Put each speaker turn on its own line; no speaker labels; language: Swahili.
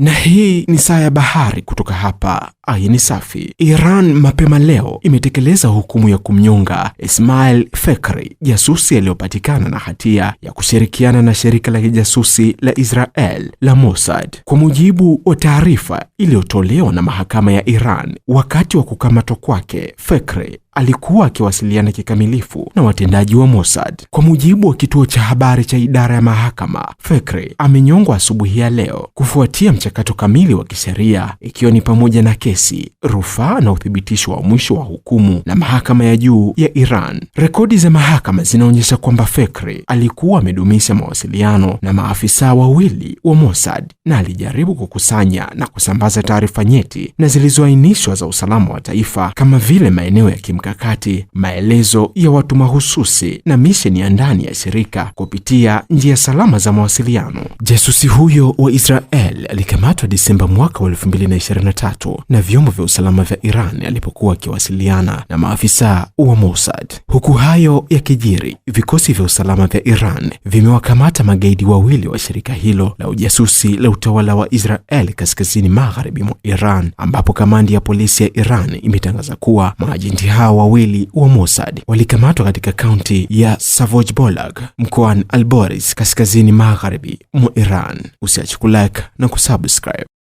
Na hii ni Saa ya Bahari kutoka hapa ni Safi. Iran mapema leo imetekeleza hukumu ya kumnyonga Ismail Fekri, jasusi aliyopatikana na hatia ya kushirikiana na shirika la kijasusi la Israel la Mossad. Kwa mujibu wa taarifa iliyotolewa na mahakama ya Iran, wakati wa kukamatwa kwake, Fekri alikuwa akiwasiliana kikamilifu na watendaji wa Mossad. Kwa mujibu wa kituo cha habari cha idara ya mahakama, fekri amenyongwa asubuhi ya leo kufuatia mchakato kamili wa kisheria, ikiwa ni pamoja na kesi, rufaa na uthibitisho wa mwisho wa hukumu na mahakama ya juu ya Iran. Rekodi za mahakama zinaonyesha kwamba fekri alikuwa amedumisha mawasiliano na maafisa wawili wa Mossad na alijaribu kukusanya na kusambaza taarifa nyeti na zilizoainishwa za usalama wa taifa kama vile maeneo ya kimka mikakati, maelezo ya watu mahususi na misheni ya ndani ya shirika kupitia njia salama za mawasiliano. Jasusi huyo wa Israel alikamatwa Disemba mwaka wa 2023 na vyombo vya usalama vya Iran alipokuwa akiwasiliana na maafisa wa Mossad. Huku hayo yakijiri, vikosi vya usalama vya Iran vimewakamata magaidi wawili wa shirika hilo la ujasusi la utawala wa Israel kaskazini magharibi mwa Iran, ambapo kamandi ya polisi ya Iran imetangaza kuwa maajenti hao wawili wa Mossad walikamatwa katika kaunti ya savojbolag mkoani Alboris kaskazini magharibi mwa Iran. Usiache kulike na kusubscribe.